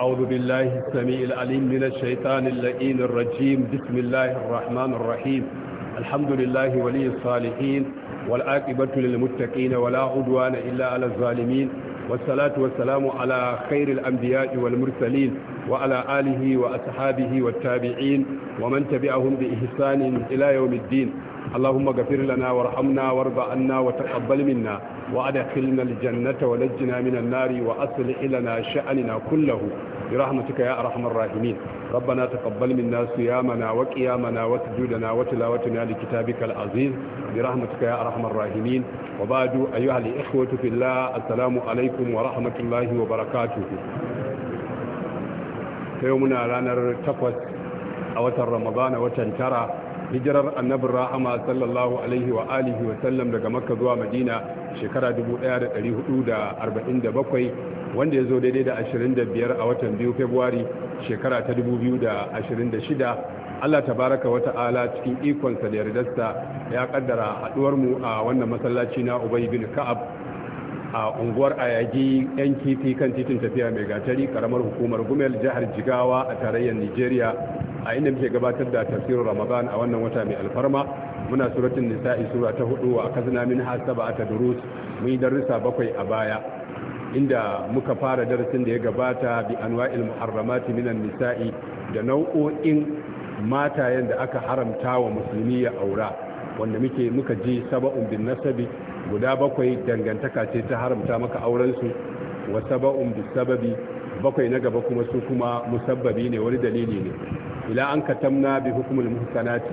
أعوذ بالله السميع العليم من الشيطان اللئيم الرجيم بسم الله الرحمن الرحيم الحمد لله ولي الصالحين والآكبة للمتقين ولا عدوان إلا على الظالمين والصلاة والسلام على خير الأنبياء والمرسلين وعلى آله وأصحابه والتابعين ومن تبعهم بإحسان إلى يوم الدين اللهم اغفر لنا وارحمنا وارض عنا وتقبل منا وادخلنا الجنة ونجنا من النار وأصلح لنا شأننا كله برحمتك يا أرحم الراحمين ربنا تقبل منا صيامنا وقيامنا وسجودنا وتلاوتنا لكتابك العزيز برحمتك يا أرحم الراحمين وبعد أيها الإخوة في الله السلام عليكم ورحمة الله وبركاته يومنا لنا التقوى a watan ramadana watan tara hijirar annabin rahama sallallahu alaihi wa alihi wa sallam daga makka zuwa madina shekara 1447 wanda ya zo daidai da 25 a watan biyu februari shekara ta 2026 allah tabaraka wa ta'ala cikin ikonsa da yardarsa ya kaddara haɗuwar mu a wannan masallaci na ubai bin ka'ab a unguwar ayagi yan kan titin tafiya mai gatari karamar hukumar gumel jihar jigawa a tarayyar nigeria a inda muke gabatar da tafsirin ramadan a wannan wata mai alfarma muna suratun nisa'i sura ta hudu a kazna min hasaba ata durus mun yi darussa bakwai a baya inda muka fara darasin da ya gabata bi anwa'il muharramati minan nisa'i da nau'o'in matayen da aka haramta wa musulmi ya aura wanda muke muka ji saba'un bin nasabi guda bakwai dangantaka ce ta haramta maka aurensu wa saba'un bisababi bakwai na gaba kuma su kuma musabbabi ne wani dalili ne ila an katamna bi hukumul muhsanati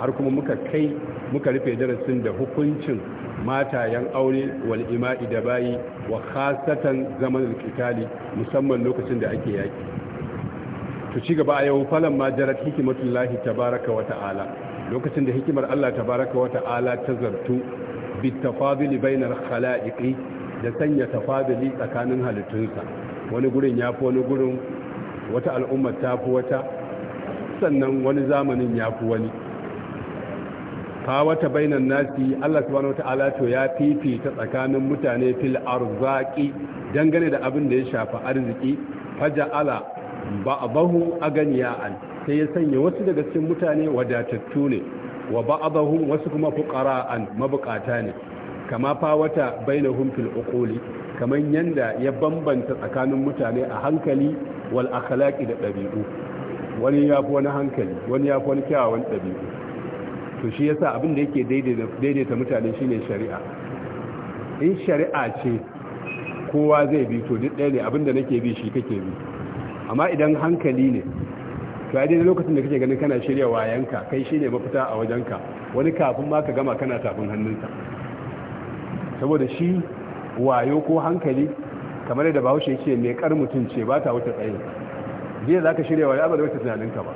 har kuma muka kai muka rufe darasin da hukuncin matayen aure wal ima'i da bayi wa khasatan zaman al musamman lokacin da ake yaki to ci gaba a yau falan ma jarat hikimatullahi tabaraka wa ta'ala lokacin da hikimar Allah tabaraka wa ta'ala ta zartu bitafadili bainar khala'iqi da sanya tafadili tsakanin halittunsa wani gurin ya fi wani gurin wata al'ummar ta fi wata sannan wani zamanin ya fi wani wata bainan nasi Allah subhanahu wata'ala to ya fifita tsakanin mutane fil arzaki dangane da abin da ya shafi arziki faja'ala ba'dahu aganiyan sai ya sanya wasu daga cikin mutane wadatattu ne wa ba'dahum wasu kuma fuqara'an mabukata ne kama fa fawata bainahum fil uquli kaman yanda ya bambanta tsakanin mutane a hankali wal akhlaqi da dabi'u wani ya fi wani hankali wani ya fi wani kyawawan dabi'u to shi yasa abin da yake daidaita mutane shine shari'a in shari'a ce kowa zai bi to duk ɗaya ne abin da nake bi shi kake bi amma idan hankali ne to a daidai lokacin da kake ganin kana shirya wayanka kai shi ne mafita a wajenka wani kafin ma ka gama kana tafin hannunka. saboda shi wayo ko hankali kamar yadda bahaushe ce mai kar mutum ce ba ta wuce tsaye Biya za ka shirya wayo ba da wuce tunaninka ba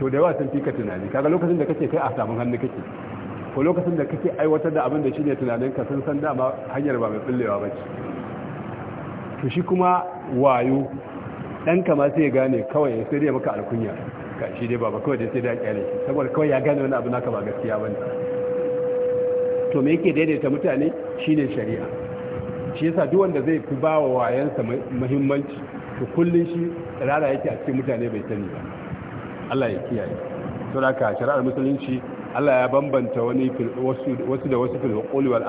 to da yawa sun fi ka tunani kaga lokacin da kake kai a samun hannu kake ko lokacin da kake aiwatar da abin da shi ne tunaninka sun san dama hanyar ba mai tsullewa ba ce to shi kuma wayo dan kama sai ya gane kawai ya sai dai maka alkunya ka shi dai baba kawai dai sai da kyale shi saboda kawai ya gane wani abu naka ba gaskiya bane to me yake daidaita mutane shine shari'a shi yasa duk wanda zai fi bawa wayansa muhimmanci to kullun shi rara yake a cikin mutane bai sani ba Allah ya kiyaye to da ka shari'ar musulunci Allah ya bambanta wani wasu da wasu fil qawli wal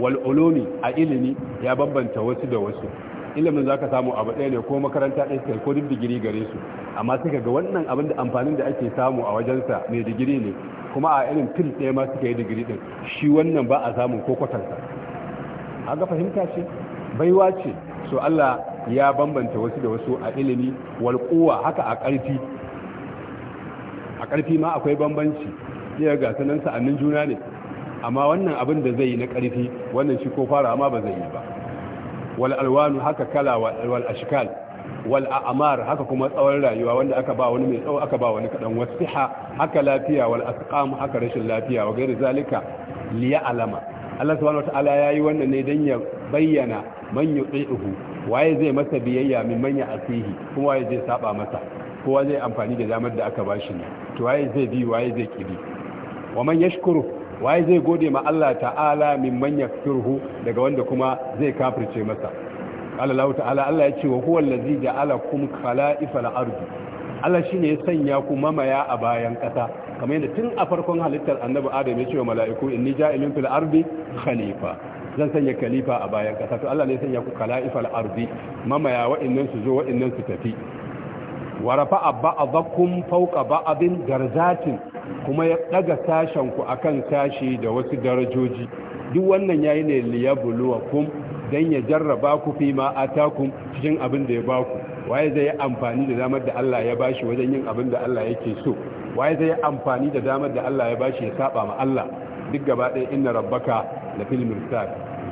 wal ulumi a ilimi ya bambanta wasu da wasu ilimin ka samu abu ɗaya ne ko makaranta ɗaya kai ko duk digiri gare su amma suka ga wannan abin da amfanin da ake samu a wajensa mai digiri ne kuma a irin fil ɗaya ma suka yi digiri ɗin shi wannan ba a samun ko a ga fahimta ce baiwa ce so Allah ya bambanta wasu da wasu a ilimi wal haka a ƙarfi a ƙarfi ma akwai bambanci iya ga sanansa sa'annin juna ne amma wannan abin da zai yi na ƙarfi wannan shi ko fara amma ba zai yi ba wal alwanu haka kala wal ashkal wal a'mar haka kuma tsawon rayuwa wanda aka ba wani mai tsawon aka ba wani kadan wasiha haka lafiya wal asqam haka rashin lafiya wa gairi zalika liya alama Allah subhanahu ya yayi wannan ne dan ya bayyana man yuqihu waye zai masa biyayya min man ya'sihi kuma waye zai saba masa kowa zai amfani da damar da aka bashi ne to waye zai bi waye zai kibi wa man yashkuru waye zai gode ma Allah ta'ala min man yakfirhu daga wanda kuma zai kafirce masa qala lahu ta'ala Allah ya ce wa huwa allazi khala'ifa al ardi Allah shine ya sanya ku mamaya a bayan kasa kamar yadda tun a farkon halittar annabi Adam ya ce wa mala'iku inni ja'ilun fil ardi khalifa zan sanya khalifa a bayan kasa to Allah ne ya sanya ku al ardi mamaya wa'annan su zo wa'annan su tafi wa rafa'a ba'dakum fawqa ba'din garzatin kuma ya daga sashen ku akan sashi da wasu darajoji duk wannan yayi ne liyabluwakum dan ya jarraba ku fi ma atakum cikin abin da ya baku waye zai yi amfani da damar da Allah ya bashi wajen yin abin da Allah yake so waye zai yi amfani da damar da Allah ya bashi ya saba ma Allah duk gaba ɗaya inna rabbaka lafil fil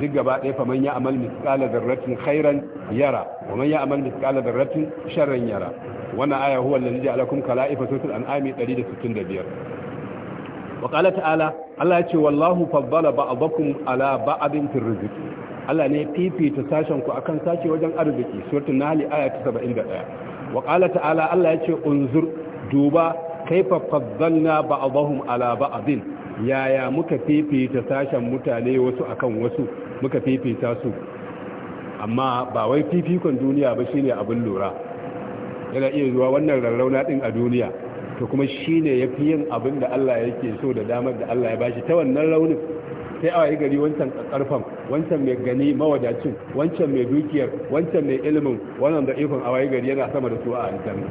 duk gaba ɗaya fa man ya amal mithqala dharratin khairan yara wa man ya amal mithqala dharratin sharran yara wannan aya huwa allazi ja'alakum khala'ifa suratul an'ami 165 wa qala ta'ala Allah ya ce wallahu faddala ba'dakum ala ba'din fil rizq Allah ne fifita sashen ku akan sace wajen arziki suratul nahl aya ta 71 wa qala ta'ala Allah ya ce unzur duba kaifa faddalna ba'dahum ala ba'din yaya muka fifita sashen mutane wasu akan wasu muka fifita su amma ba wai fifikon duniya ba shine abin lura yana iya zuwa wannan rarrauna din a duniya to kuma shine yafi yin abin da Allah yake so da damar da Allah ya bashi ta wannan raunin sai awayi gari wancan karfan wancan mai gani mawadacin wancan mai dukiyar wancan mai ilimin wannan da ifin awayi gari yana sama da su a aljanna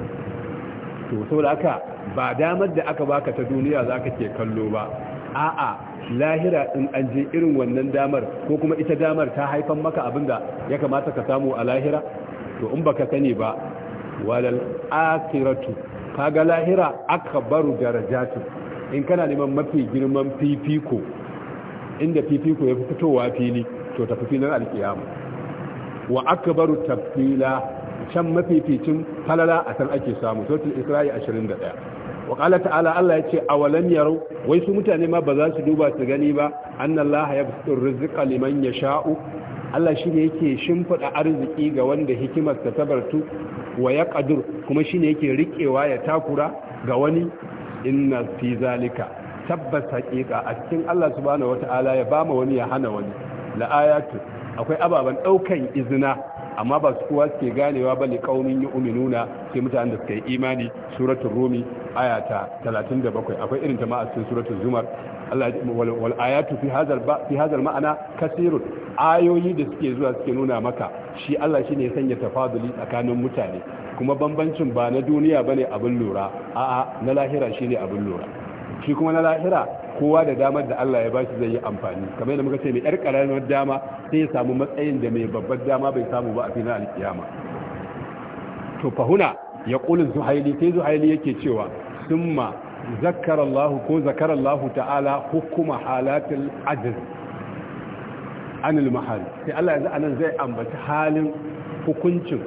to saboda haka ba damar da aka baka ta duniya za ka ke kallo ba a'a lahira in an je irin wannan damar ko kuma ita damar ta haifan maka abinda ya kamata ka samu a lahira to in baka sani ba walal akhiratu kaga lahira akbaru darajatu in kana neman mafi girman fifiko inda fifiko ya fi fitowa fili to tafi filin alkiyama wa akbaru tafila can mafificin falala a can ake samu sautin isra'i 21 wa qala ta'ala Allah ya ce a walan yaro wai su mutane ma ba za su duba su gani ba annallaha yabsutur rizika liman sha'u. Allah shi ne yake shimfiɗa arziki ga wanda hikimar ta tabartu wa ya ƙadur kuma shi ne yake riƙewa ya takura ga wani inna fi zalika tabbas haƙiƙa a cikin Allah subhanahu ta'ala ya bama wani ya hana wani la'ayatu akwai ababen ɗaukan izina amma ba su kowa suke ganewa ba ne kaunin yi uminuna sai mutanen da suka yi imani suratun rumi aya ta 37 akwai irin jama'a cikin suratun zumar Allah wal fi hadal ma'ana kasirun ayoyi da suke zuwa suke nuna maka shi Allah shi ya sanya tafaduli tsakanin mutane kuma bambancin ba na duniya ba ne abin lura a'a na lahira shi ne abin lura shi kuma na lahira kowa da damar da Allah ya shi zai yi amfani kamar yadda muka ce mai yar karamar dama sai ya samu matsayin da mai babbar dama bai samu ba a fina alkiyama to fahuna ya kulin zuhaili sai zuhaili yake cewa summa zakkara Allah ko zakkara Allah ta'ala hukuma halatul ajz anil mahal sai Allah yanzu anan zai ambaci halin hukuncin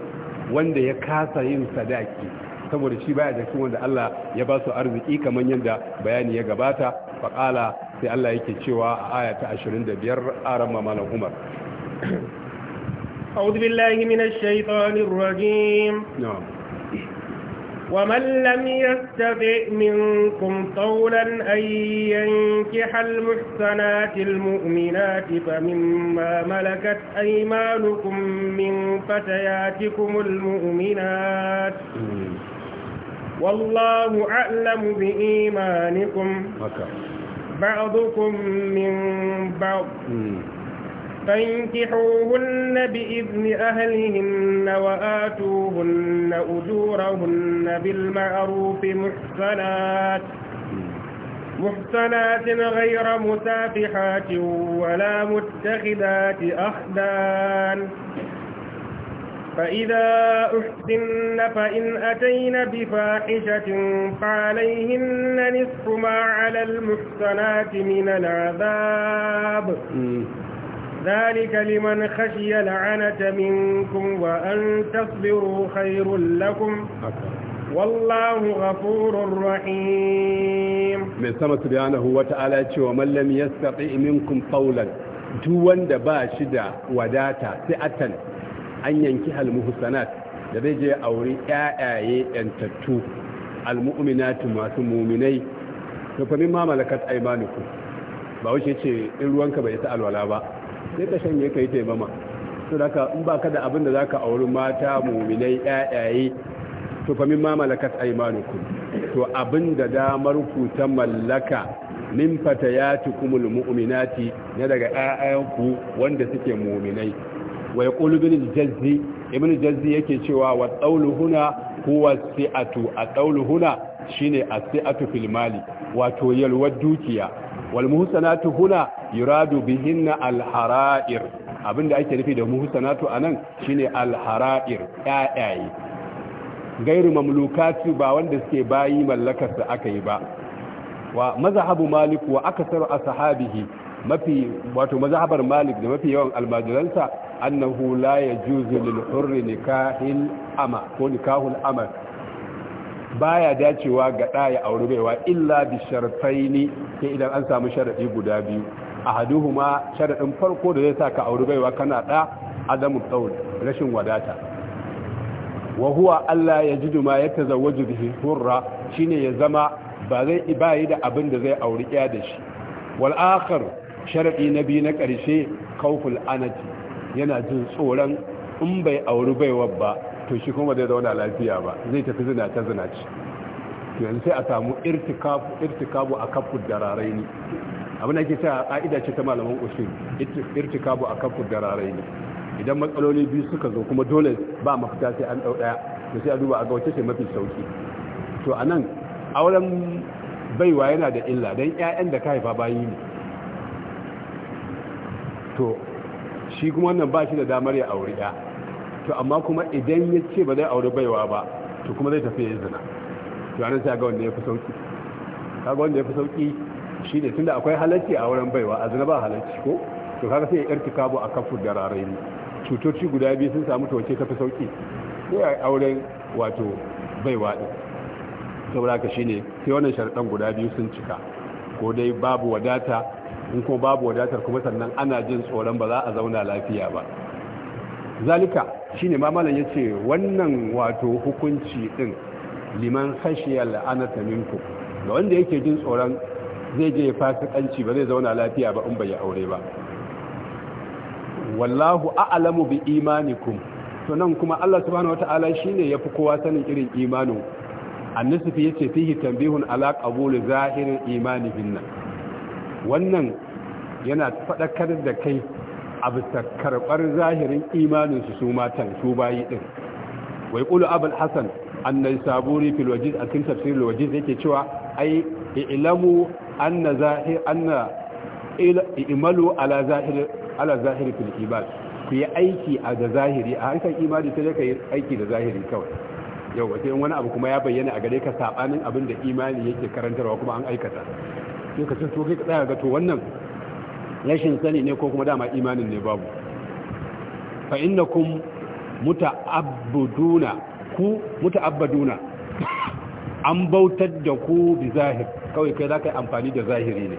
wanda ya kasa yin sadaki saboda shi baya da wanda Allah ya ba su arziki kamar yadda bayani ya gabata faƙala sai Allah yake cewa a aya ta 25 aran mamalan Umar أعوذ بالله من الشيطان الرجيم نعم ومن لم يستطع منكم طولا أن ينكح المحسنات المؤمنات فمما ملكت أيمانكم من فتياتكم المؤمنات والله أعلم بإيمانكم بعضكم من بعض فانكحوهن بإذن أهلهن وآتوهن أجورهن بالمعروف محسنات محسنات غير مسافحات ولا متخذات أخدان فإذا أحسن فإن أتين بفاحشة فعليهن نصف ما على المحصنات من العذاب ذلك لمن خشي لعنة منكم وأن تصبروا خير لكم والله غفور رحيم من سمى سبحانه وتعالى ومن لم يستطع منكم طولا duk wanda ba shi da wadata sai atan an yanki halmuhusanat da zai je auri ƴaƴaye yantattu almu'minatu masu muminai to fa mimma malakat aymanuku ba wuce ce in ruwanka bai ta alwala ba sai ka shanye kai ta mama to daga in ba ka da abin da zaka auri mata muminai ƴaƴaye to fa mimma malakat aymanuku to abin da damar ku ta mallaka min fatayatukumul mu'minati na daga ƴaƴanku wanda suke muminai wai yaqulu bin jazzi ibn jazzi yake cewa wa qawlu huna huwa si'atu a qawlu huna shine as-si'atu fil wato yalwar dukiya wal muhsanatu huna yuradu bihinna al abinda ake nufi da a nan shine alhara'ir hara'ir ƴaƴaye gairu mamlukatu ba wanda suke bayi mallakarsa aka yi ba wa mazhabu malik wa aksaru ashabihi mafi wato mazhabar malik da mafi yawan almajiransa annahu la ya lil hurri nikahil ama ko nikahul ama baya dacewa ga ɗaya aure baiwa illa bi ne sai idan an samu sharaɗi guda biyu ahaduhuma sharaɗin farko da zai sa ka aure baiwa kana ɗa adamu tsawon rashin wadata wa huwa Allah ya jidu ma ya tazawwaju bihi hurra shine ya zama ba zai da abin da zai auri 'ya da shi wal'akar sharaɗi na biyu na ƙarshe khawful anati yana jin tsoron in bai auri baiwar ba to shi kuma zai zauna lafiya ba zai tafi zina ta zina ci yanzu sai a samu irtikabu a kafu rarai ne abin da ke cewa ka'ida ce ta malaman usul irtikabu a kafu rarai ne idan matsaloli biyu suka zo kuma dole ba mafita sai an dau daya to sai a duba a ga wace ce mafi sauki to anan auren baiwa yana da illa dan 'ya'yan da ka haifa bayi ne to shi kuma wannan ba shi da damar ya auri ya to amma kuma idan ya ce ba zai auri baiwa ba to kuma zai tafi ya zina to anan sai ga wanda ya fi sauki kaga wanda ya fi sauki shi ne tunda akwai halarci a wurin baiwa a zina ba halarci ko to kaga sai ya kabo a kafu da rarayi cutoci guda biyu sun samu to wace tafi sauki sai a auren wato baiwa din saboda ka shine sai wannan sharadan guda biyu sun cika ko dai babu wadata in ko babu wadatar kuma sannan ana jin tsoron ba za a zauna lafiya ba zalika shine mamalan ya ce wannan wato hukunci din liman la'anar anata minku da wanda yake jin tsoron zai je fasikanci ba zai zauna lafiya ba in bai aure ba wallahu a'lamu bi imanikum to nan kuma Allah subhanahu wata'ala shine yafi kowa sanin irin imanin annasufi yace fihi tanbihun ala qabul zahirin imani binna wannan yana faɗakar da kai a bisa karɓar zahirin imaninsu su matan su bayi ɗin wai ƙulu abul hassan annai saburi filwajiz a cikin tafsirin ya yake cewa ai ilamu anna zahir imalu ala zahir ala fil ku yi aiki a da zahiri a harkar imani sai ka yi aiki da zahiri kawai yau wace wani abu kuma ya bayyana a gare ka sabanin abin da imani yake karantarwa kuma an aikata in ka tuntu kai ka tsaya ga to wannan rashin sani ne ko kuma dama imanin ne babu fa innakum muta'abbuduna ku muta'abbaduna an bautar da ku bi zahir kawai kai za ka yi amfani da zahiri ne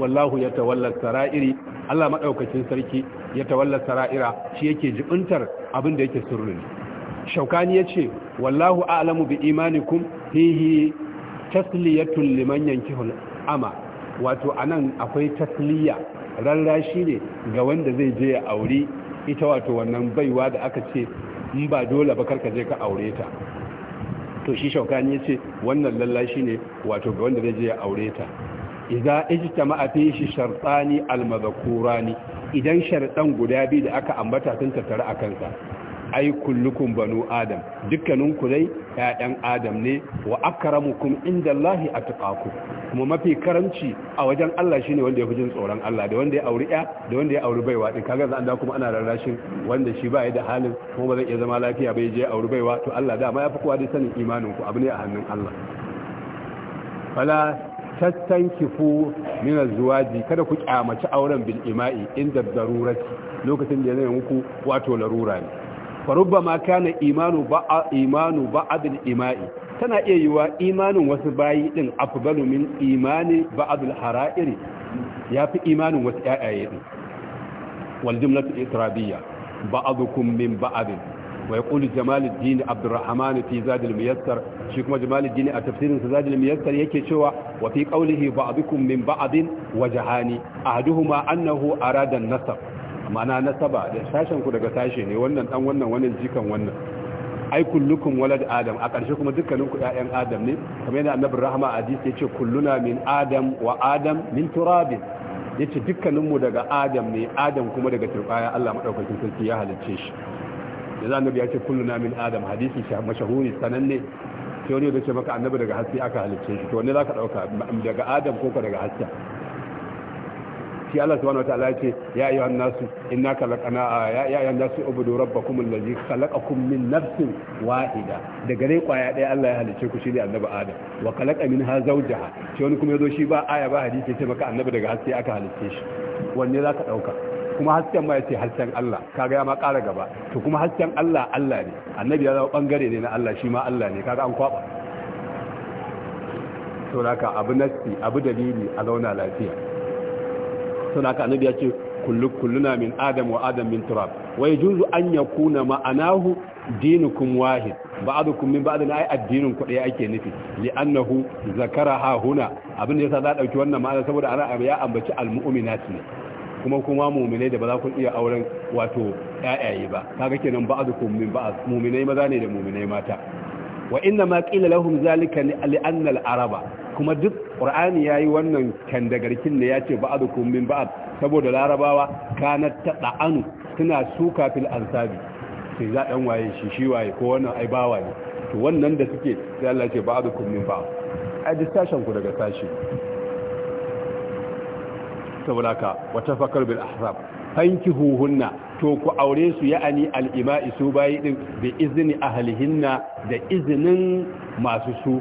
wallahu ya tawallar sara'iri Allah maɗaukacin sarki ya tawallar sara'ira shi yake jibintar abin da yake sirri shaukani ya ce wallahu a'lamu bi imanikum hihi tasliyatun liman yankihul ama wato anan akwai tasliya rarrashi ne ga wanda zai je ya aure ita wato wannan baiwa da aka ce in ba dole ba karka je ka aure ta to shi shaukani ya ce wannan lallashi ne wato ga wanda zai je ya aure ta idza ijtama'a fi shi shartani almadhkurani idan shartan guda biyu da aka ambata sun tattara akan sa ai kullukum banu adam dukkanin ku dai ƴaƴan adam ne wa akramukum indallahi atqaku kuma mafi karamci a wajen Allah shine wanda ya fi jin tsoron Allah da wanda ya auri ya da wanda ya auri baiwa din kaga zan da kuma ana rarrashin wanda shi ba ya da halin kuma ba zai iya zama lafiya bai je auri baiwa to Allah da ma ya fi kowa da sanin imanin ku abu ne a hannun Allah fala tattankifu min azwaji kada ku kyamaci auren bil ima'i inda darurati lokacin da ya yana muku wato larura ne farubba ma kana imanu ba'a ima'i tana iya yiwa imanin wasu bayi din afdalu min imani ba'adul hara'iri yafi imanin wasu ƴaƴaye din wal jumlatu israbiyya ba'adukum min ba'adin wa yaqulu jamaluddin abdurrahman fi zadil muyassar kuma jamaluddin a tafsirin zadil muyassar yake cewa wa fi qawlihi ba'dukum min ba'adin annahu arada an ma'ana nasaba da sashen ku daga sashe ne wannan dan wannan wannan jikan wannan ai kullukum walad adam a ƙarshe kuma dukkanin ku ƴaƴan adam ne kamar yadda annabi rahama hadisi yace kulluna min adam wa adam min turabin yace dukkanin mu daga adam ne adam kuma daga turbaya Allah madaukakin sarki ya halicce shi da annabi yace kulluna min adam hadisi mashahuri sananne sai wani da ce maka annabi daga haske aka halicce shi to wanne zaka dauka daga adam ko daga haske shi Allah subhanahu ta'ala yake ya ayyuhan nasu inna khalaqna ya ayyuhan nasu ubudu rabbakum allazi khalaqakum min nafsin wahida da gare kwaya ɗaya Allah ya halice ku shine annabi adam wa khalaqa minha zawjaha shi wani kuma yazo shi ba aya ba hadisi sai maka annabi daga haske aka halice shi wanne zaka dauka kuma hasken ma yace hasken Allah kaga ya ma ƙara gaba to kuma hasken Allah Allah ne annabi ya zama bangare ne na Allah shi ma Allah ne kaga an kwaba to naka abu nasti abu dalili a zauna lafiya tattauna ka annabi ya ce kullu kulluna min adam wa adam min turab wa yajuzu an yakuna ma'anahu dinukum wahid ba'dukum min ba'd ay addinin ku daya ake nufi li'annahu zakara ha huna abin da yasa za dauki wannan ma'ana saboda ana ya ambaci almu'minat ne kuma kuma mu'minai da ba za ku iya auren wato ƴaƴaye ba kaga kenan ba'dukum min ba'd mu'minai maza ne da mu'minai mata wa inna ma qila lahum zalika li'anna al-araba kuma duk qur'ani yi wannan kandagarkin ne ce ba'dukum min ba'ad saboda larabawa ta tada'anu suna suka fil ansabi sai za dan waye shi shi waye ko wannan ai bawa ne to wannan da suke sai Allah ce ba'dukum min a ai distashin ku daga sashi saboda ka wata fakar bil ahzab huhunna, to ku aure su ya'ani al-ima'i su bayi din bi izni ahlihinna da izinin masu su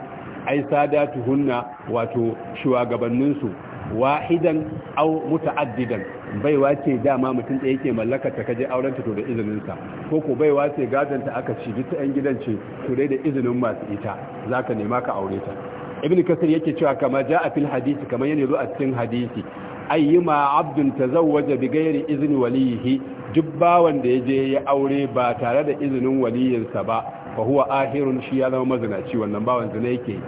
ai sadatuhunna wato shugabanninsu wahidan au muta'addidan baiwa ce dama mutum da yake mallakar ta kaje auren ta to da izinin sa ko ko baiwa ce gadan ta aka ci duk yan gidan ce to dai da izinin masu ita zaka nema ka aure ta ibn kasir yake cewa kama ja'a fil hadisi kamar yana zuwa cikin hadisi ayyuma abdun tazawwaja bighairi izni walihi duk wanda da yaje ya aure ba tare da izinin waliyinsa ba Fahuwa huwa ahirun shi ya zama mazinaci wannan bawan zina yake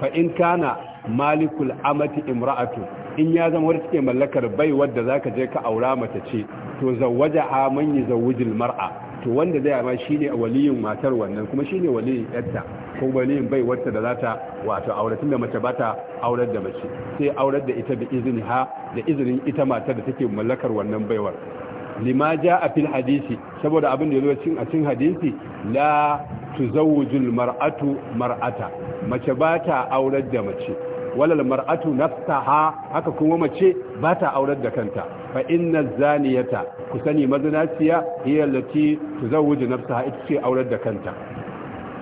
fa in kana malikul amati imra'atu in ya zama wadda take mallakar bai wadda zaka je ka aura mata ce to zawwajaha man yuzawwijul mar'a to wanda zai ma shine waliyin matar wannan kuma shine waliyin yarta ko waliyin bai wadda da zata wato aure tunda mace bata aurar da mace sai aurar da ita bi izini ha da izinin ita matar da take mallakar wannan baiwar lima ja a fil hadisi saboda abin da ya zo a cin hadisi la tuzawujul mar'atu mar'ata mace ba ta aurar da mace walal mar'atu nafsaha haka kuma mace ba ta aurar da kanta fa inna zaniyata ku sani mazinaciya hiya allati tuzawwiju nafsaha ita ce aurar da kanta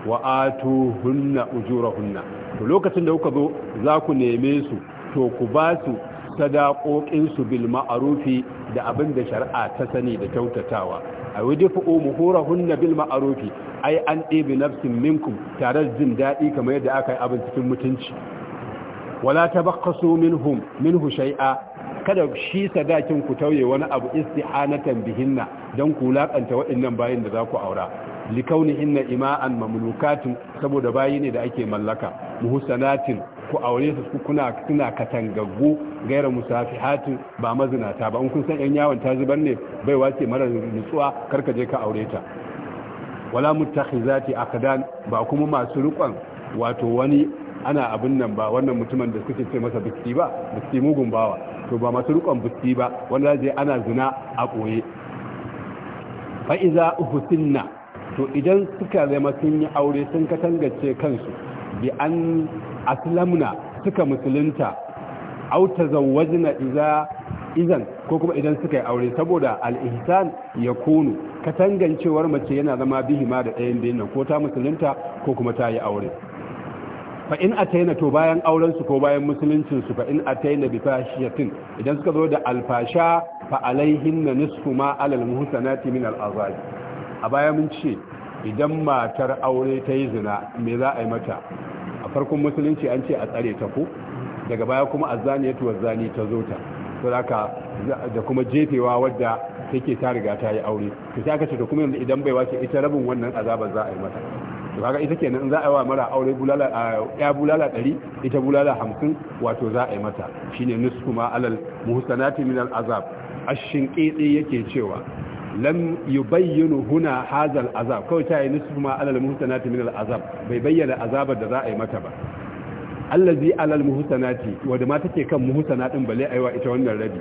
wa atuhunna ujurahunna to lokacin da kuka zo za ku neme su to ku ba su sadaƙoƙinsu bil ma'arufi da abin da shari'a ta sani da kyautatawa a wadda muhurahunna bil ma'arufi ay an ɗebe nafsin minkum tare da jin daɗi kamar yadda aka yi abin cikin mutunci wala tabaqasu minhum minhu shay'a kada shi sadakin ku tauye wani abu istihanatan bihinna dan ku laƙanta waɗannan bayin da za ku aura likaunihinna ima'an mamlukatin saboda bayi ne da ake mallaka muhsanatin ku aure su kuna kuna katangaggu gaira musafihatu ba mazinata ba in kun san yan yawon ta zubar ne bai wace mara nutsuwa karka je ka aure ta wala muttakhizati aqdan ba kuma masu rukon wato wani ana abin nan ba wannan mutumin da kuke ce masa bukti ba bukti mugun bawa to ba masu rukon bukti ba wanda zai ana zina a koye fa iza uhsinna to idan suka zama sun yi aure sun katangace kansu bi an aslamna suka musulunta au tazawwajna idza izan ko kuma idan suka yi aure saboda al-ihsan ya kunu katangancewar mace yana zama bihima da ɗayan biyun nan ko ta musulunta ko kuma ta yi aure fa in ataina to bayan auren su ko bayan musuluncin su fa in ataina bi fashiyatin idan suka zo da alfasha fa alaihin nisfu ma alal muhsanati min al azaj a baya mun ce idan matar aure ta yi zina me za a yi mata a farkon musulunci an ce a tsare ta ku? daga baya kuma a wazzani ta zo ta saboda da kuma jefewa wadda take ta riga ta yi aure to sai aka ce to kuma yanzu idan bai wace ita rabin wannan azabar za a yi mata to kaga ita kenan in za a yi wa mara aure bulala ya bulala 100 ita bulala hamsin? wato za a yi mata shine nisfu ma alal muhsanati min al azab ash-shinqiti yake cewa lam yubayyinu huna hazal azab kawai ta yi nisfu ma alal muhsanati min al azab bai bayyana azabar da za a yi mata ba allazi alal muhsanati wanda ma take kan muhsanatin bale aiwa ita wannan rabi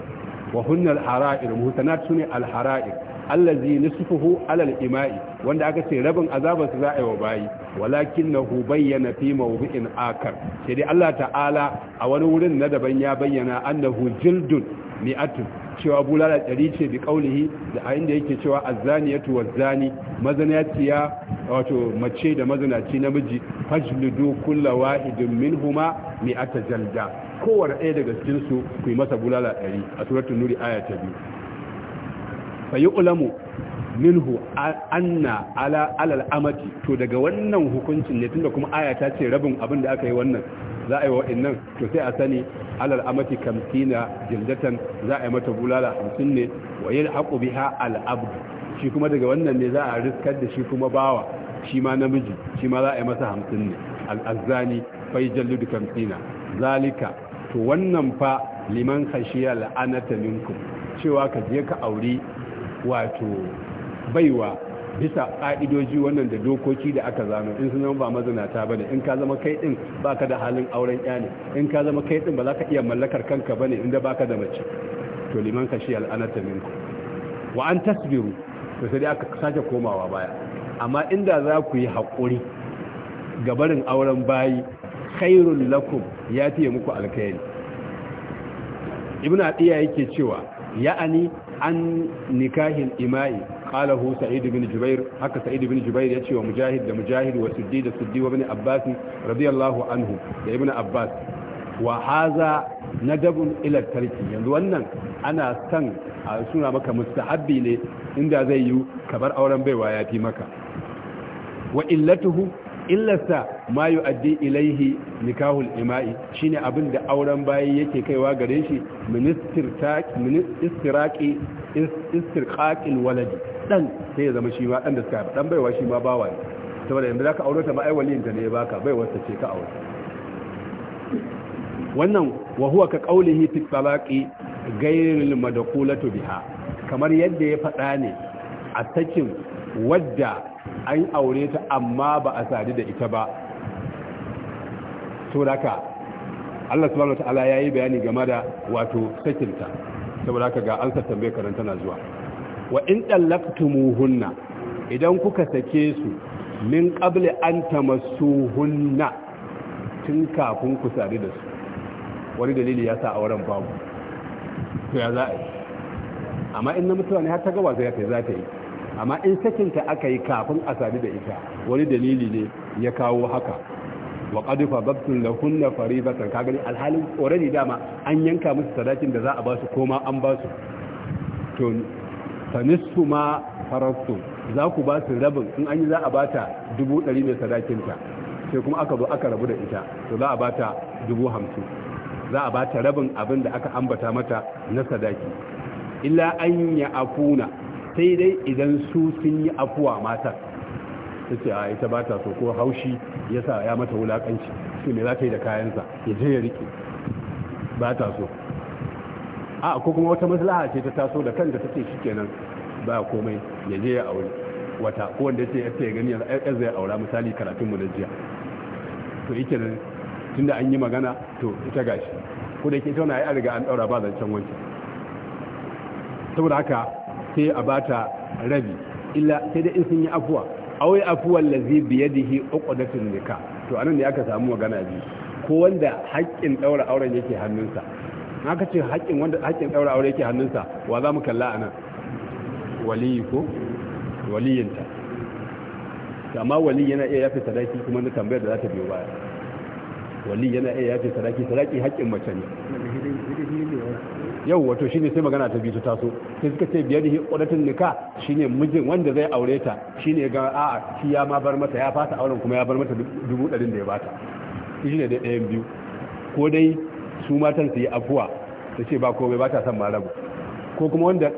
wa hunna al hara'ir muhsanat sune al hara'ir allazi nisfuhu alal ima'i wanda aka ce rabin azabar su za a yi wa bayi walakinahu bayyana fi mawdi'in akar sai dai Allah ta'ala a wani wurin na daban ya bayyana annahu jildun mi'atun cewa bulala ɗari ce bi ƙaunihi da a inda yake cewa azzani ya tuwa zani mazanaciya wato mace da mazanaci namiji fajlidu kulla wahidin min huma mai ata jalda kowane ɗaya daga cikinsu ku yi masa bulala ɗari a suratun nuri aya biyu fa yi ulamu minhu anna ala alal amati to daga wannan hukuncin ne tunda kuma ayata ce rabin abin da aka yi wannan za a yi waɗannan to sai a sani alal amati kamtina jildatan za a yi mata bulala hamsin ne wa yin haƙo biha al'abdu shi kuma daga wannan ne za a riskar da shi kuma bawa shi ma namiji shi ma za a yi masa hamsin ne al'azzani fai jalludu kamtina zalika to wannan fa liman khashiya la'anata minkum cewa ka je ka auri wato baiwa bisa ƙa'idoji wannan da dokoki da aka zano in sun zama ba mazinata ba ne in ka zama kai ɗin ba ka da halin auren ya ne in ka zama kai ɗin ba za ka iya mallakar kanka ba ne inda ba ka da mace to liman ka shi al'anata minku wa an tasbiru to sai aka sake komawa baya amma inda za ku yi haƙuri gabarin auren bayi khairun lakum ya fiye muku alkhairi ibn adiya yake cewa ya'ani an nikahin ima'i qalahu sa'id ibn jubair haka sa'id ibn jubair ya ce wa mujahid da mujahid wa suddi da suddi wa ibn abbas radiyallahu anhu da ibn abbas wahaza na nadabun ila yanzu wannan ana san a suna maka mustahabbi ne inda zai yi kabar auren baiwa ya fi maka wa illatuhu illarsa ma yi addi ilaihi nikahul ima'i shine abin da auren baya yake kaiwa gare shi ministiraki istirqaqil waladi dan sai ya zama shi ma dan da suka dan baiwa shi ma bawa ne saboda yanda zaka aure ta ma ai waliyin ta ne ya baka baiwar ta ce ka aure wannan wa huwa ka qawlihi fi talaqi ghayril madqulatu biha kamar yadda ya faɗa ne a sakin wadda an aure ta amma ba a sadu da ita ba to Allah subhanahu wa ta'ala yayi bayani game da wato sakinta saboda ka ga ansar tambayar karan tana zuwa wa in dallaqtumuhunna idan kuka sake su min qabli an tamassuhunna tun kafin ku sadu da su wani dalili ya sa auren babu to ya za a yi amma in na mutuwa ne har ta gaba sai ta za ta yi amma in sakinta aka yi kafin a sadu da ita wani dalili ne ya kawo haka wa qad fadabtu lahunna faridatan ka gani alhalin already dama an yanka musu sadakin da za a ba su koma an ba su to fanisfu ma faraftu za ku ba su rabin in an yi za a ba ta dubu ɗari mai sadakinta sai kuma aka zo aka rabu da ita to za a ba ta dubu hamsin za a ba ta rabin abin da aka ambata mata na sadaki illa an ya afuna sai dai idan su sun yi afuwa matar ta ce a ita ba ta so ko haushi ya sa ya mata wulakanci su me za ta yi da kayansa ya je ya rike ba ta so a ko kuma wata maslaha ce ta taso da kanta ta ce shi kenan ba komai ya je ya aure wata ko wanda ce yarta ya gani yanzu yar zai aura misali karatun mu na jiya to yake nan tunda an yi magana to ita gashi ko da ke ta wani riga an daura ba zancen wancan saboda haka sai a bata rabi illa sai dai in sun yi afuwa awai afuwal ladhi bi yadihi uqdatun nikah to anan ne aka samu magana biyu ko wanda haƙƙin daura auren yake hannunsa haka ce haƙƙin wanda haƙƙin daura auren yake hannunsa wa za mu kalla anan waliyi ko waliyinta amma wali yana iya yafe sadaki kuma na tambayar da za ta biyo baya wali yana iya yafe sadaki sadaki haƙƙin mace ne yau wato shine sai magana ta biyu taso sai suka ce biyar da ƙudatun nika shine mijin wanda zai aure ta shine ga a'a shi ya ma bar mata ya fata auren kuma ya bar mata dubu ɗarin da ya bata shi ne da ɗayan biyu ko dai su matan su yi afuwa ta ce ba komai ba ta son ma rabu ko kuma wanda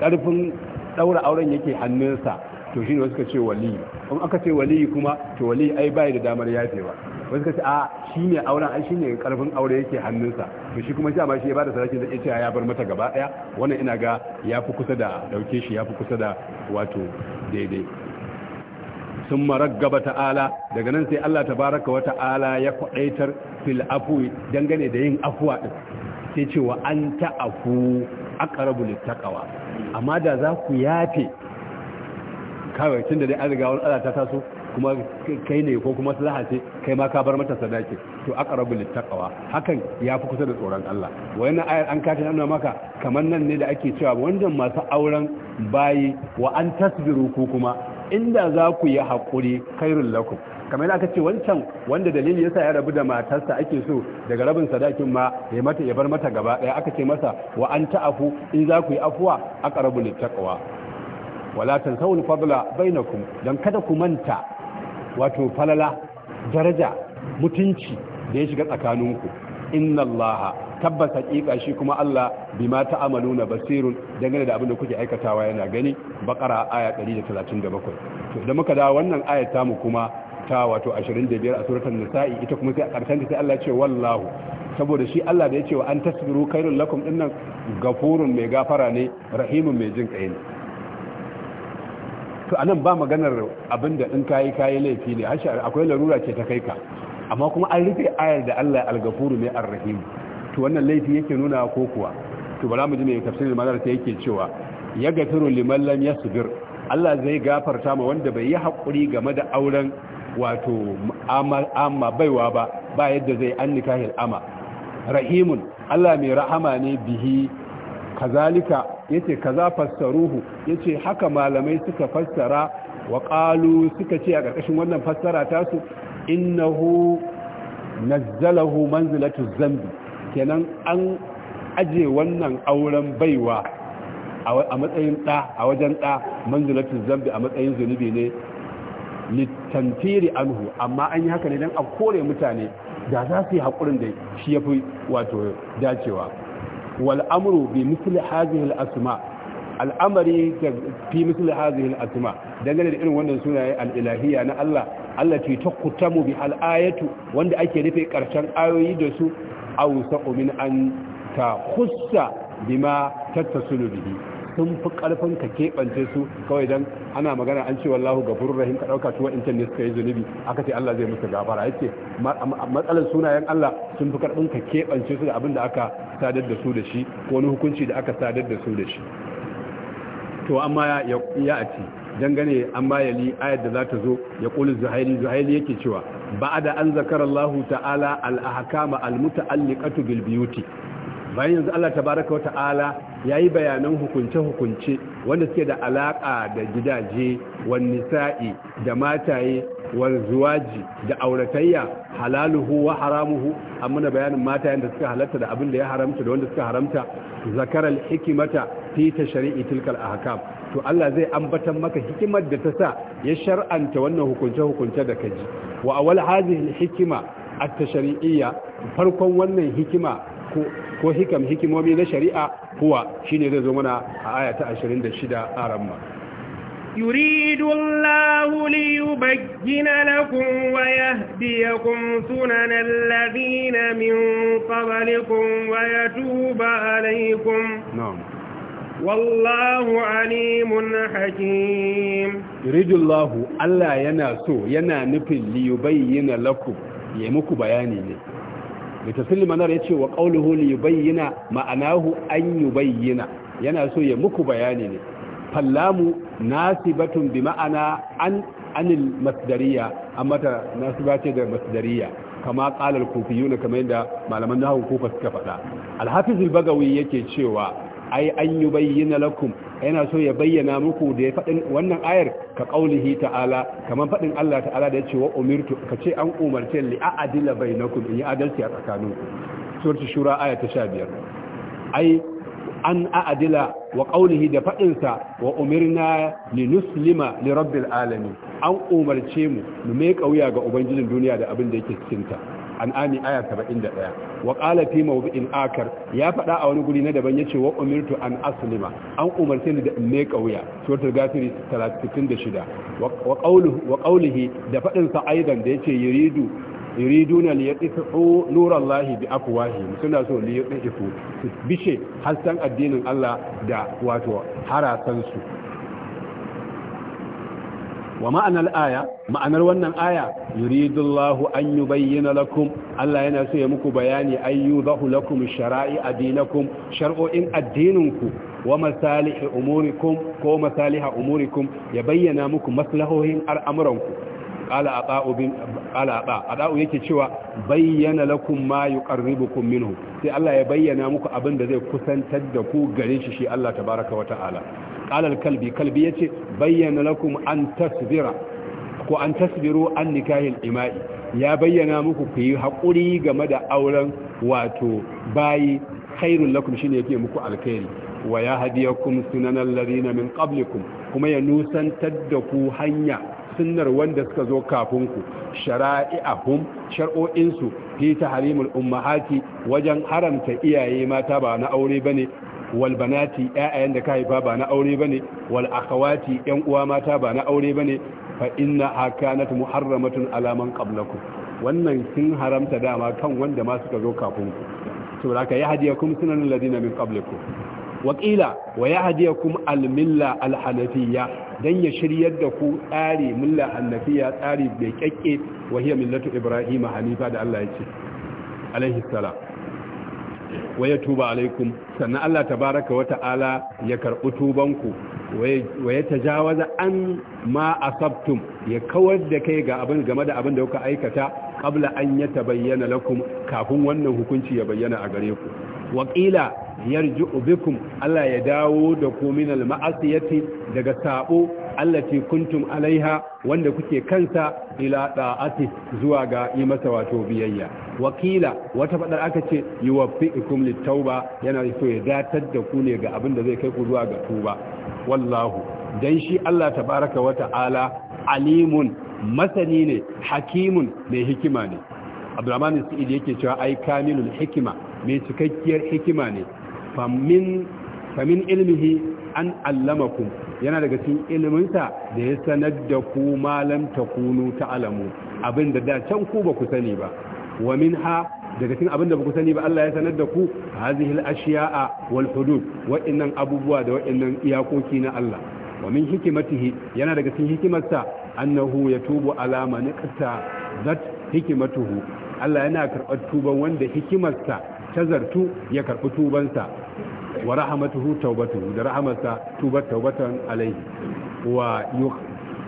ƙarfin ɗaura auren yake hannunsa to shine wasu ka ce waliyi in aka ce waliyi kuma to waliyi ai bai da damar yafewa wasu ka a shi ne auren an shi ne karfin aure yake hannunsa to shi kuma ma shi ya bada sadakin da ya ce ya bar mata gaba daya wannan ina ga ya fi kusa da dauke shi ya fi kusa da wato daidai sun maragaba ta'ala daga nan sai Allah tabaraka wa ta'ala ya kwaɗaitar fil afuwi dangane da yin afuwa ɗin sai ce wa an ta'afu aqrabu littakawa amma da za ku yafe kawai da dai an riga wani Allah ta taso kuma kai ne ko kuma sulaha ce kai ma ka bar mata sadaki to aqrabu littaqwa hakan ya fi kusa da tsoron Allah wayannan ayar an kace nuna maka kamar nan ne da ake cewa wannan masu auren bayi wa an tasbiru ku kuma inda za ku yi haƙuri khairul lakum kamar aka ce wancan wanda dalili yasa ya rabu da matarsa ake so daga rabin sadakin ma ya mata ya bar mata gaba daya aka ce masa wa an ta'afu in za ku yi afuwa aqrabu littaqwa wala tansawul fadla bainakum dan kada ku manta wato falala daraja mutunci da ya shiga tsakaninku inna allaha tabbas hakika shi kuma Allah bi bima ta'amaluna basirun dangane da abin da kuke aikatawa yana gani bakara aya 137 to idan muka dawo wannan aya ta mu kuma ta wato 25 a suratul nisa'i ita kuma sai a karshen sai Allah ce wallahu saboda shi Allah da ya ce wa an tasbiru khairul lakum dinnan gafurun mai gafara ne rahimun mai jin kai ne to a nan ba maganar abinda in kayi kayi laifi ne hashi akwai larura ce ta kai ka amma kuma an rufe ayar da Allah AlGafuru gafuru ne ar-rahim to wannan laifi yake nuna ko kuwa to bala mu ji mai tafsirin manar ta yake cewa ya gafiru liman lam yasbir Allah zai gafarta ma wanda bai yi hakuri game da auren wato amma baiwa ba ba yadda zai annika nikahil ama rahimun Allah mai rahama ne bihi kazalika yace kaza fassaruhu yace haka malamai suka fassara wa qalu suka ce a ƙarƙashin wannan fassara ta su innahu nazzalahu manzilatu zambi kenan an aje wannan auren baiwa a matsayin da a wajen da manzilatu zambi a matsayin zunubi ne littantiri anhu amma an yi haka ne dan a kore mutane da za su yi haƙurin da shi yafi wato dacewa wal amru bi misli al al'amari fi misli hadhihi al dangane da irin wannan sunayen al na Allah Allah ce ta kutamu bi al'ayatu wanda ake rufe karshen ayoyi da su aw sa'u min an ta husa bima tattasilu bihi sun fi karfin ka keɓance su kawai dan ana magana an ce wallahu gafurur rahim ka dauka su wa'incan ne yi zunubi aka ce Allah zai musu gafara yace matsalar sunayen Allah sun fi karfin ka keɓance su da abin da aka sadar da su da shi ko wani hukunci da aka sadar da su da shi to amma ya ya ci dangane amma yali ayat da za ta zo ya kulu zuhaili zuhaili yake cewa ba'ada an zakara Allah ta'ala al-ahkama al-muta'alliqatu bil biyuti bayan yanzu Allah tabaraka wa ta'ala yayi bayanan hukunce hukunce wanda suke da alaƙa da gidaje wan nisa'i da mataye wal zuwaji da auratayya halaluhu wa haramuhu amma na bayanin matayen da suka halatta da abin da ya haramta da wanda suka haramta zakaral hikimata fi tashri'i tilkal Ahakam. to Allah zai ambatan maka hikimar da ta sa ya shar'anta wannan hukunce hukunce da kaji wa awal hadhihi hikima at-tashri'iyya farkon wannan hikima ko hikam hikimomi na shari'a kuwa shine zai zo mana a ayata 26 a ramma yuridu Allahu li yubayyana lakum wa yahdiyakum sunanal ladina min qablikum wa yatuba alaykum na'am wallahu alimun hakim yuridu Allahu Allah yana so yana nufin li yubayyana lakum yi muku bayani ne litasil ya ce wa qawluhu li bayyana ma'anahu an bayyana yana so ya muku bayani ne fallamu nasibatun bi ma'ana an anil masdariya amma ta nasiba ce da masdariya kama qala al-kufiyuna kama yadda malaman nahwu kufa suka faɗa al-hafiz al-bagawi yake cewa ai an bayyana lakum yana so ya bayyana muku da ya faɗin wannan ayar ka ƙaulihi ta'ala kamar faɗin Allah ta'ala da ya ce wa umirtu ka ce an umarce li bai na in yi adalci a tsakaninku surci shura aya ta sha biyar. ai an adila wa ƙaulihi da faɗinsa wa umirna li nuslima li rabbil alamin an umarce mu mu mai ƙauya ga ubangijin duniya da abin da yake cikinta an'ami aya 71 wa qala fi mawdi'in akar ya faɗa a wani guri na daban yace wa umirtu an aslima an umarce ni da in mai kauya suratul ghafir 36 wa qawluhu wa qawlihi da faɗin sa aidan da yace yuridu yuriduna li yatifu nurallahi bi afwahihim suna so li yatifu bishe hasan addinin Allah da wato harasan su wa ma'anar aya ma'anar wannan aya yuridullahu an bayyana lakum Allah yana so ya muku bayani ayyudahu lakum shara'i'a shar'o'in addininku wa masalihi umurikum ko masaliha umurikum ya bayyana muku maslahohin al'amuranku qala a bin yake cewa bayyana lakum ma yuqarribukum minu sai Allah ya bayyana muku abin da zai kusantar da ku gare shi shi Allah tabaaraka wa ta'ala qala kalbi kalbi yace bayyana lakum an tasbira ko an tasbiru an nikahil ima'i ya bayyana muku ku yi haƙuri game da auren wato bayi khairun lakum shine yake muku alkhairi wa ya hadiyakum sunanan ladina min qablikum kuma ya nusantar da ku hanya sunnar wanda suka zo kafin ku shara'i'ahum shar'o'insu su fi tahrimul ummahati wajen haramta iyaye mata ba na aure bane wal banati ƴaƴan da ka haifa ba na aure bane wal akhawati ƴan uwa mata ba na aure bane fa inna akanat muharramatun ala man qablakum wannan sun haramta dama kan wanda ma suka zo kafin ku saboda ka yahdiyakum sunan alladina min qablikum waƙila wa ya hadiya kuma al alhanafiya don ya shiryar da ku tsari milla hannafiya tsari mai kyakke wahiyar millatu ibrahim hanifa da allah ya ce alaihi salam wa ya tuba alaikum sannan Allah tabaraka wa ta'ala ya karɓi tubanku wa ya tajawaza an ma asabtum ya kawar da kai ga abin game da abin da kuka aikata qabla an ya tabayyana lakum kafin wannan hukunci ya bayyana a gare ku wa qila yarji'u bikum Allah ya dawo da ku min maasiyati daga sabo allati kuntum alaiha wanda kuke kansa ila da'ati zuwa ga yi masa wato biyayya wakila wata fadar aka ce yi wa yuwaffiqukum littauba yana so ya datar da ku ne ga abin da zai kai ku zuwa ga tuba wallahu dan shi Allah tabaraka wa ta'ala alimun masani ne hakimun mai hikima ne Abdurrahman Sa'id yake cewa ai kamilul hikima mai cikakkiyar hikima ne famin famin ilmihi an allamakum yana daga cikin iliminsa da ya sanar da ku malam takunu ta'alamu abin da da can ku ba ku sani ba wa minha daga cikin abin da ba ku sani ba Allah ya sanar da ku hazihi al-ashiya'a wal hudud wa'annan abubuwa da wainnan iyakoki na Allah wa min hikimatihi yana daga cikin hikimarsa annahu yatubu ala man qata zat hikimatuhu Allah yana karɓar tuban wanda hikimarsa ta zartu ya karɓi tubansa wa rahmatuhu taubatuhu da rahmatsa tubat tawbatan alaihi wa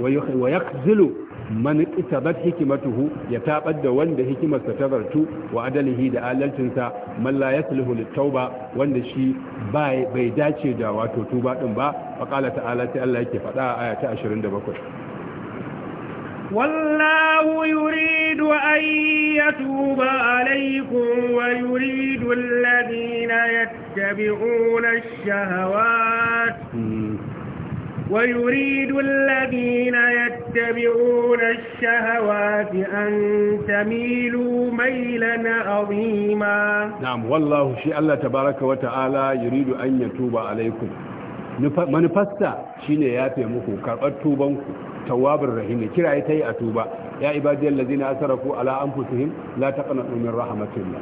wa yakhzilu man itabat hikimatuhu ya tabar da wanda hikimarsa ta zartu wa adalihi da adalcinsa man la yasluhu litauba wanda shi bai dace da wato tuba din ba fa qala ta'ala sai Allah yake faɗa a aya ta 27 والله يريد أن يتوب عليكم ويريد الذين يتبعون الشهوات ويريد الذين يتبعون تتبعون الشهوات أن تميلوا ميلا عظيما نعم والله شيء الله تبارك وتعالى Shi أن يتوب عليكم manufarsa shine ya fi muku karɓar tubanku tawabin rahimi kira ya ta yi a tuba ya ibadiyar lazina ko ala anfusihim la taqnatu min rahmatillah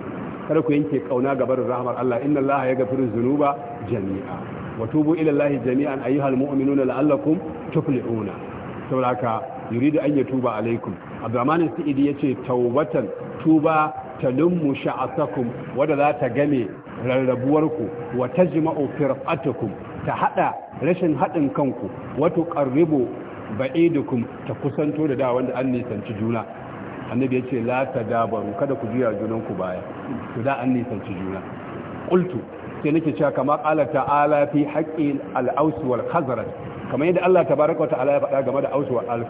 kada ku yanke ƙauna ga barin rahmar Allah inna Allah ya gafiru zunuba jami'a wa tubu ila Allah jami'an ayyuhal mu'minuna la'allakum tuflihuna sauraka yuridu an tuba alaikum abdurrahman sa'idi yace tawbatan tuba talummu sha'asakum wadda za ta game rarrabuwarku wa tajma'u firqatukum ta hada rashin hadin kanku wato tuqarribu ba'idukum ta kusanto da da wanda an nisanci juna annabi yace la dabaru kada ku juya junanku baya to da an nisanci juna qultu sai nake cewa kama qala ta'ala fi haqqi al-aus wal khazraj kamar yadda Allah tabaraka wata'ala ya faɗa game da Aus wa al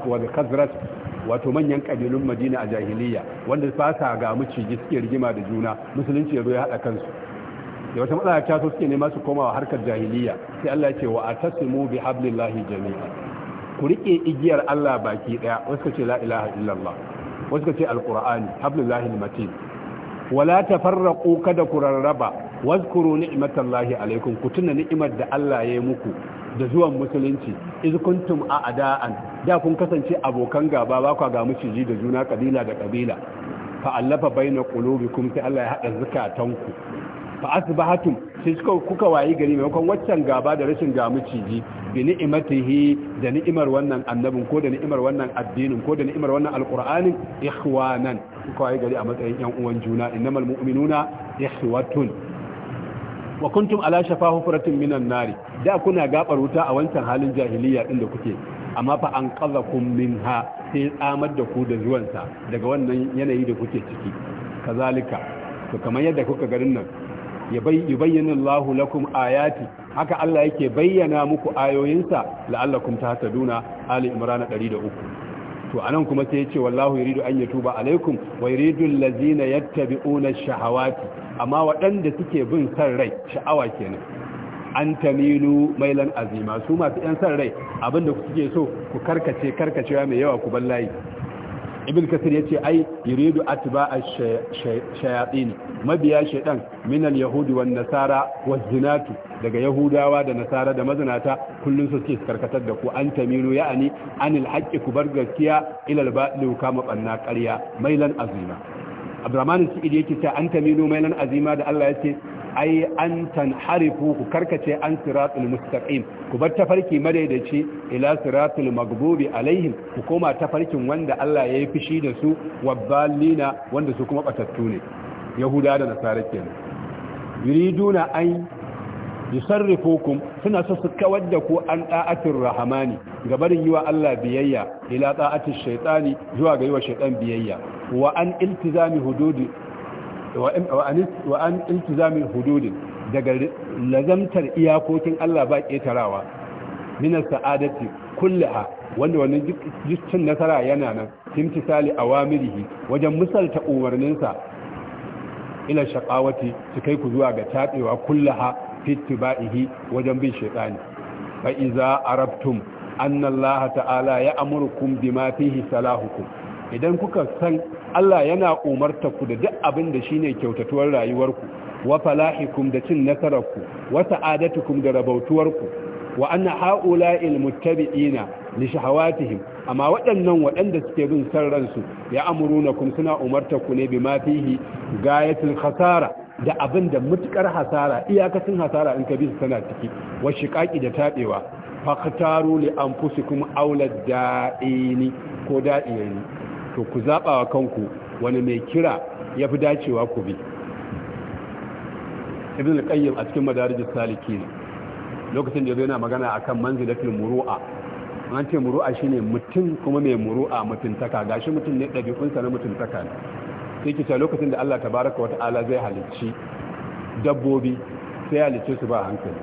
wato manyan kabilun Madina a jahiliya wanda fasa ga miciji suke rigima da juna musulunci ya zo ya haɗa kansu da wata matsala ta so suke nema su komawa harkar jahiliya sai Allah ya ce wa atasimu bi hablillahi jami'a ku rike igiyar Allah baki daya wasu ka ce la ilaha illallah wasu ka ce alqur'ani hablillahi almatin wala tafarraqu kada ku rarraba wazkuru ni'matallahi alaikum ku tuna ni'imar da Allah ya yi muku da zuwan musulunci izkuntum a a'da'an da kun kasance abokan gaba ba kwa ga miciji da juna kabila da kabila fa allafa baina qulubikum sai Allah ya hada zakatanku fa asbahatum sai suka kuka wayi gari maimakon waccan gaba da rashin ga miciji bi ni'matihi da ni'imar wannan annabin ko da ni'imar wannan addinin ko da ni'imar wannan alqur'anin ikhwanan kuka wayi gari a matsayin yan uwan juna innamal mu'minuna ikhwatun wa kuntum ala shafa hufratin minan nari da kuna gabar wuta a wancan halin jahiliya din da kuke amma fa an qazakum minha sai tsamar da ku da zuwansa daga wannan yanayi da kuke ciki kazalika to kamar yadda kuka garin nan yubayyinu Allahu lakum ayati haka Allah yake bayyana muku ayoyinsa la'allakum tahtaduna ali imran 103 to anan kuma sai yace wallahu yuridu an yatuba alaikum wa yuridu allazina yattabi'una ash-shahawati amma waɗanda suke bin san rai sha'awa kenan an tamilu mailan azima su masu yan san rai abinda kuke so ku karkace karkacewa mai yawa ku ballayi ibil kasir yace ai yuridu atba ash-shayatin mabiya shaytan min al-yahudi wan nasara waz zinatu daga yahudawa da nasara da mazinata kullum su suke karkatar da ku an tamilu ya'ani anil ku kubar gaskiya ila al-batil kama banna ƙarya mailan azima abdurrahman su'idi yake ta an tamilu mailan azima da Allah ya ce. ai an tanharifu ku karkace an siratul mustaqim ku bar tafarki madaidaici ila siratul maghdubi alaihim ku koma tafarkin wanda Allah ya yi fishi da su wabbalina wanda su kuma batattu ne yahuda da nasara kenan yuriduna an yusarrifukum suna so su kawar da ku an da'atir rahmani gabarin yiwa Allah biyayya ila da'atish shaytani zuwa ga yiwa shaytan biyayya wa an iltizami hududi wa an iltizamin hududin daga lazamtar iyakokin Allah ba ƙetarawa minas sa'adati kullaha wanda wannan jistin nasara yana nan a awamirihi wajen misalta umarninsa ila shaqawati su kai ku zuwa ga tabewa kullaha fitibaihi wajen bin shaytani ba iza arabtum annan laha ta'ala ma bima hisala hukum idan kuka san Allah yana umarta ku da duk abin da shi ne kyautatuwar rayuwarku wa falahikum da cin nasararku wa sa'adatukum da rabautuwarku wa anna ha'ula'il muttabi'ina li shahawatihim amma waɗannan waɗanda suke bin san ransu ya kuma suna umarta ku ne bima fihi gayatul khasara da abin da mutukar hasara iyakacin hasara in ka bi su tana ciki wa shiqaqi da tabewa faqtaru li anfusikum awlad da'ini ko da'iyani to ku zaɓa wa kanku wani mai kira ya fi dacewa ku bi ibn al-qayyim a cikin madarijus salikin lokacin da yana magana akan manzilatul muru'a an ce muru'a shine mutum kuma mai muru'a taka gashi mutum ne sa na mutum ne sai kita lokacin da Allah tabaaraka wa ta'ala zai halicci dabbobi sai halicce su ba hankali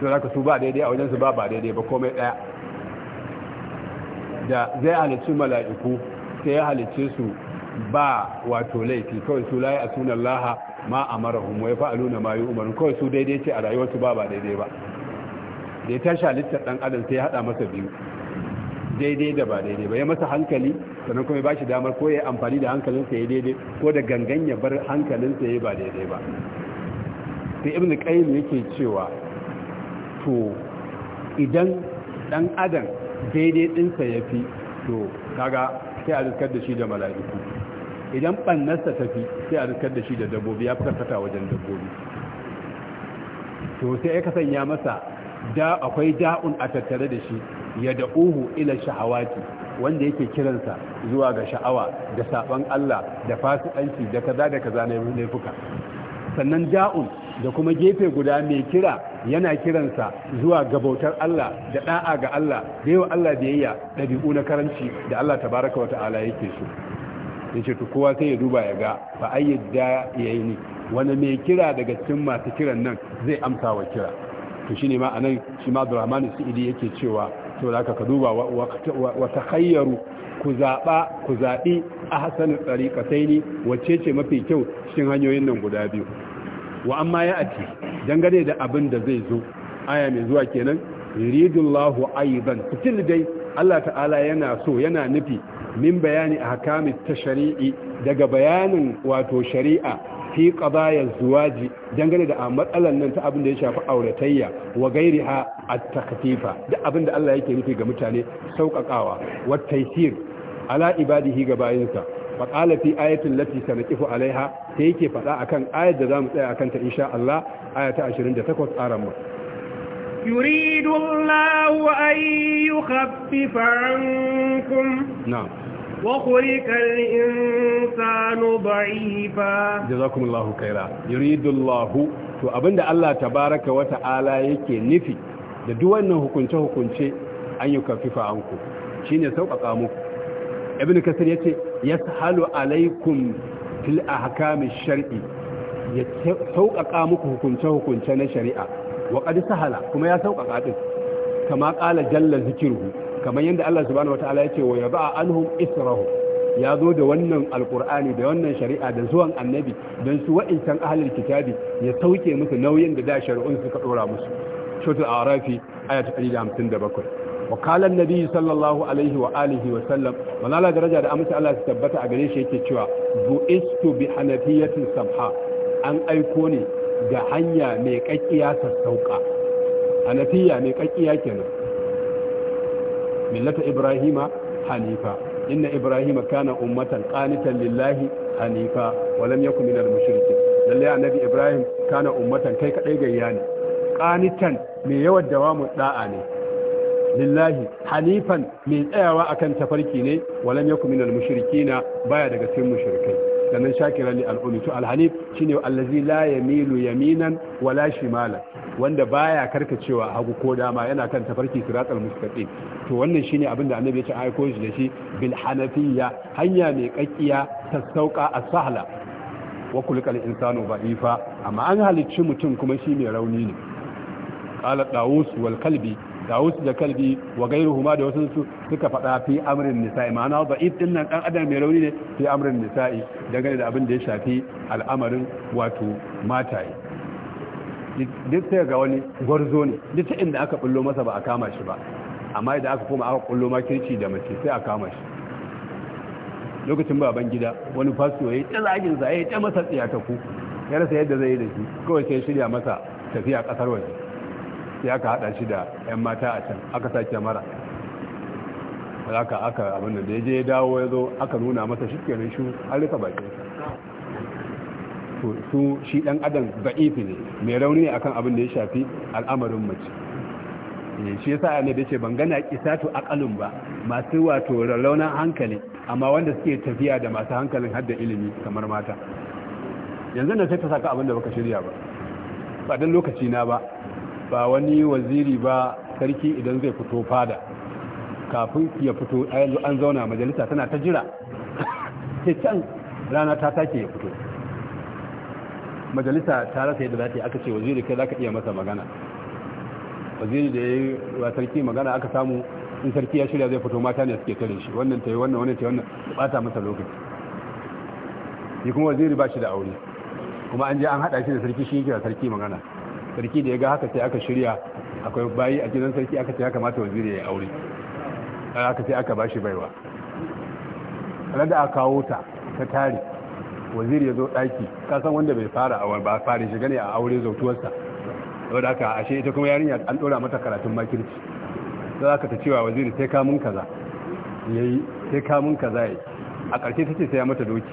sai zaka su ba daidai a wajen su ba ba daidai ba komai daya da zai halicci mala'iku sai ya halicce su ba wato laifi kawai su layi a sunan laha ma a marahun wai fa'alu na mayu umarin kawai su daidai ce a rayuwarsu ba ba daidai ba da ya tashi halittar ɗan adam sai ya haɗa masa biyu daidai da ba daidai ba ya masa hankali sannan kuma ba shi damar ko ya yi amfani da hankalinsa ya daidai ko da gangan ya bar hankalinsa ya ba daidai ba sai ibn qayyim yake cewa to idan ɗan adam daidai ɗinsa ya fi to kaga sai a riskar da shi da mala'iku idan ɓannarsa ta fi sai a riskar da shi da dabbobi ya fi wajen dabbobi to sai ya kasanya masa da akwai da'un a tattare da shi ya da uhu ila sha'awati wanda yake kiransa zuwa ga sha'awa da saɓon Allah da fasikanci da kaza da kaza na laifuka sannan da'un da kuma gefe guda mai kira yana kiransa zuwa gabautar Allah da da'a ga Allah da yawa Allah biyayya ɗabi'u na karanci da Allah ta baraka wa ta'ala yake so ya to kowa sai ya duba ya ga ba a ya yi ne wani mai kira daga cikin masu kiran nan zai amsa wa kira to shine ma a nan shi ma Abdurrahman Sa'idi yake cewa to haka ka duba wata takhayyaru ku zaɓa ku zaɓi a hasanin ƙasai ne wacce ce mafi kyau cikin hanyoyin nan guda biyu wa amma ya ake dangane da abin da zai zo aya mai zuwa kenan yuridullahu aidan fitil dai Allah ta'ala yana so yana nufi min bayani ahkamit tashri'i daga bayanin wato shari'a fi qadaya zuwaji dangane da matsalan nan ta abin da ya shafi auratayya wa gairiha at-takhfifa da abin da Allah yake nufi ga mutane sauƙaƙawa wa taysir ala ibadihi ga bayinsa faƙala fi ayatin lati sanaqifu alaiha sai yake faɗa akan ayat da za mu tsaya a ta insha Allah aya ta 28 aran mu يريد الله أن يخفف عنكم نعم وخلق الإنسان ضعيفا جزاكم الله خيرا يريد الله to abinda Allah ta baraka wata ala yake nufi da duk wannan hukunce hukunce an yukafifa shi ne sauƙaƙa muku ibn kasir yace yashalu alaikum fil ahkam shar'i ya sauƙaƙa muku hukunce hukunce na shari'a wa qad sahala kuma ya sauƙaƙa din kama qala jalla zikruhu kamar yadda Allah subhanahu wataala yace wa yaba anhum israhu ya zo da wannan alkur'ani da wannan shari'a da zuwan annabi don su wa'incan ahalin kitabi ya sauke musu nauyin da da shari'un suka dora musu shotul arafi aya ta 157 wa kala annabi sallallahu alaihi wa alihi wa sallam manala daraja da amince Allah ya tabbata a gare shi yake cewa bu'istu bi hanafiyatin sabha an aiko ne ga hanya mai kakkiya sassauka hanafiya mai kakkiya kenan millata ibrahima hanifa inna ibrahima kana ummatan qanitan lillahi hanifa wa lam yakun minal mushrikin lalle annabi ibrahim kana ummatan kai kadai gayya ne qanitan mai yawan dawamu da'a ne lillahi hanifan mai tsayawa akan tafarki ne walam yakum minal mushrikina baya daga cikin mushrikai sannan shakiran li al'umi to alhanif shine allazi la yamilu yaminan wala shimala wanda baya karkacewa hagu ko dama yana kan tafarki siratal mustaqim to wannan shine abin da annabi ya ce aiko shi da shi bil hanafiyya hanya mai kakkiya sassauka as-sahla wa kulqal insanu ba'ifa amma an halicci mutum kuma shi mai rauni ne qala dawus wal kalbi tawus da kalbi wa gairuhuma da wasu su suka faɗa fi amrin nisa'i ma'ana da'if din nan dan adam mai rauni ne fi amrin nisa'i dangane da abin da ya shafi al'amarin wato mataye duk sai ga wani gwarzo ne duk ta inda aka bullo masa ba a kama shi ba amma idan aka koma aka kullo makirci da mace sai a kama shi lokacin baban gida wani fasto ya yi ta zagin sa ya yi ta masa tsiyataku ku ya rasa yadda zai yi da shi kawai sai shirya masa tafiya kasar waje sai aka hada shi da 'yan mata a can aka sake mara aka aka abin da ya je dawo ya zo aka nuna masa shi kenan shi an rufe su shi dan adam ba'ifi ne mai rauni ne akan abin da ya shafi al'amarin mace eh, shi ya yasa ne da ce ban gana kisatu akalin ba masu wato raunin hankali amma wanda suke tafiya da masu hankalin hadda ilimi kamar mata yanzu na sai ta saka abin da baka shirya ba ba don lokaci na ba ba wani waziri ba sarki idan zai fito fada kafin ya fito an zauna majalisa tana ta jira Ke can rana ta take ya fito majalisa ta rasa yadda za ta yi aka ce waziri kai za ka iya masa magana waziri da ya yi wa sarki magana aka samu in sarki ya shirya zai fito mata ne suke tare shi wannan ta yi wannan wannan ta yi wannan bata masa lokaci yi kuma waziri ba shi da aure kuma an je an haɗa shi da sarki shi yake da sarki magana sarki da ya ga haka sai aka shirya akwai bayi a gidan sarki aka ce ya kamata waziri ya aure aka ce aka bashi baiwa da aka kawo ta ta tare waziri ya zo ɗaki kasan wanda bai fara a ba fara shiga ne a aure zautuwarsa saboda haka ashe ita kuma yarinya an ɗora mata karatun makirci za aka ta cewa waziri sai kamun kaza yi sai kamun kaza yayi a ƙarshe ce sai ya mata doki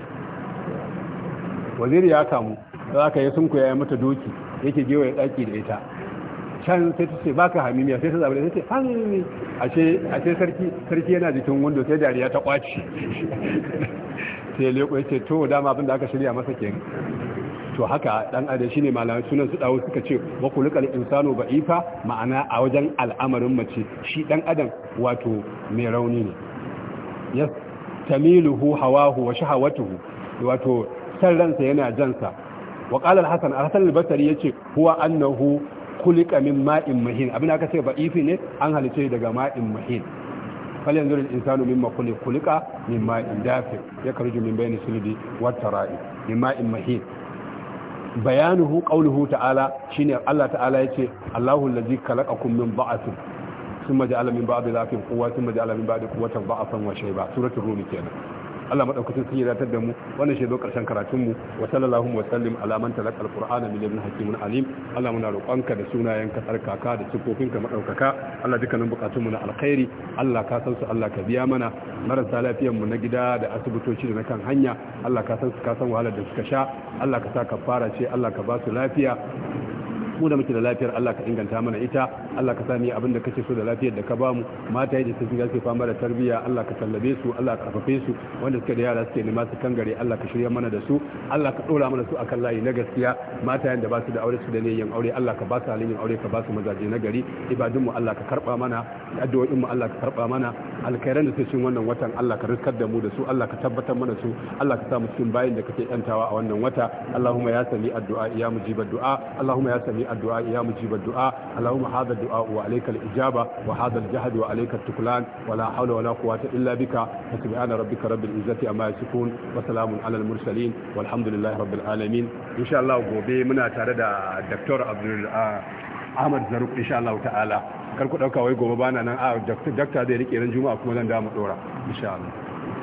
waziri ya kamu za ka yi sunku ya mata doki yake ya daki da ita can sai ta ce baka hamimiya sai ta zaɓi da ta ce hannu a ce sarki yana jikin wando sai dariya ta kwaci sai leko ya ce to dama abin aka shirya masa ke to haka dan adam shine malamai sunan su dawo suka ce wa insano insanu ba'ifa ma'ana a wajen al'amarin mace shi dan adam wato mai rauni ne ya tamiluhu hawahu wa shahawatuhu wato san ransa yana jansa wa qala al-hasan al-hasan al-basri yace huwa annahu khuliqa min ma'in mahin abin aka ce ba'ifi ne an halice daga ma'in mahin falyanzur al-insanu mimma khuliqa min ma'in dafi yakhruju min bayni sulbi wat tara'i min ma'in mahin bayanuhu qawluhu ta'ala shine Allah ta'ala yace Allahu allazi khalaqakum min da'atin thumma ja'ala min ba'di dhafin quwwatin thumma ja'ala min ba'di quwwatin da'afan wa shayba suratul rum kenan Allah madaukakin sun ratar da mu wannan shi zo karshen karatun mu wa sallallahu wa sallim ala man talaqa alqur'ana min ibn hakimin alim Allah muna roƙonka da sunayen ka tsarkaka da sifofin ka madaukaka Allah dukkanin bukatun mu na alkhairi Allah ka san su Allah ka biya mana marasa lafiyar mu na gida da asibitoci da na kan hanya Allah ka san su ka san wahalar da suka sha Allah ka sa ka fara ce Allah ka ba su lafiya mu da muke da lafiyar Allah ka inganta mana ita Allah ka sami abin da kake so da lafiyar da ka bamu mata yadda suke ga fama da tarbiyya Allah ka tallabe su Allah ka karfafe su wanda suke da yara suke nema su kangare Allah ka shirya mana da su Allah ka dora mana su akan layi na gaskiya mata yadda ba su da aure su da niyyar aure Allah ka ba su halin yin aure ka ba su mazaje na gari ibadun mu Allah ka karba mana addu'o'in mu Allah ka karba mana alkhairan da suke cikin wannan watan Allah ka riskar da mu da su Allah ka tabbatar mana su Allah ka sa mu cikin bayin da kake yantawa a wannan wata Allahumma ya sami addu'a ya mujiba du'a Allahumma ya sami الدعاء يا مجيب الدعاء اللهم هذا الدعاء وعليك الإجابة وهذا الجهد وعليك التكلان ولا حول ولا قوة إلا بك فسبحان ربك رب العزة أما يسكون وسلام على المرسلين والحمد لله رب العالمين إن شاء الله gobe منا tare الدكتور عبد Ahmad Zaruk insha Allah ta'ala kar ku dauka wai gobe bana nan a doctor zai rike ran juma'a kuma zan da mu dora insha Allah